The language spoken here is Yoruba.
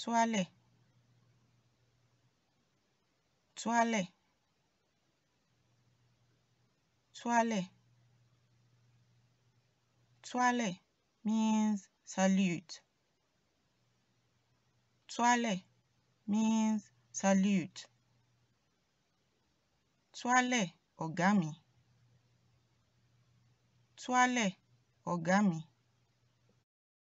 tuálẹ̀ tuálẹ̀ tuálẹ̀ tuálẹ̀ means salute tuálẹ̀ means salute tuálẹ̀ ọ̀gá mi tuálẹ̀ ọ̀gá mi.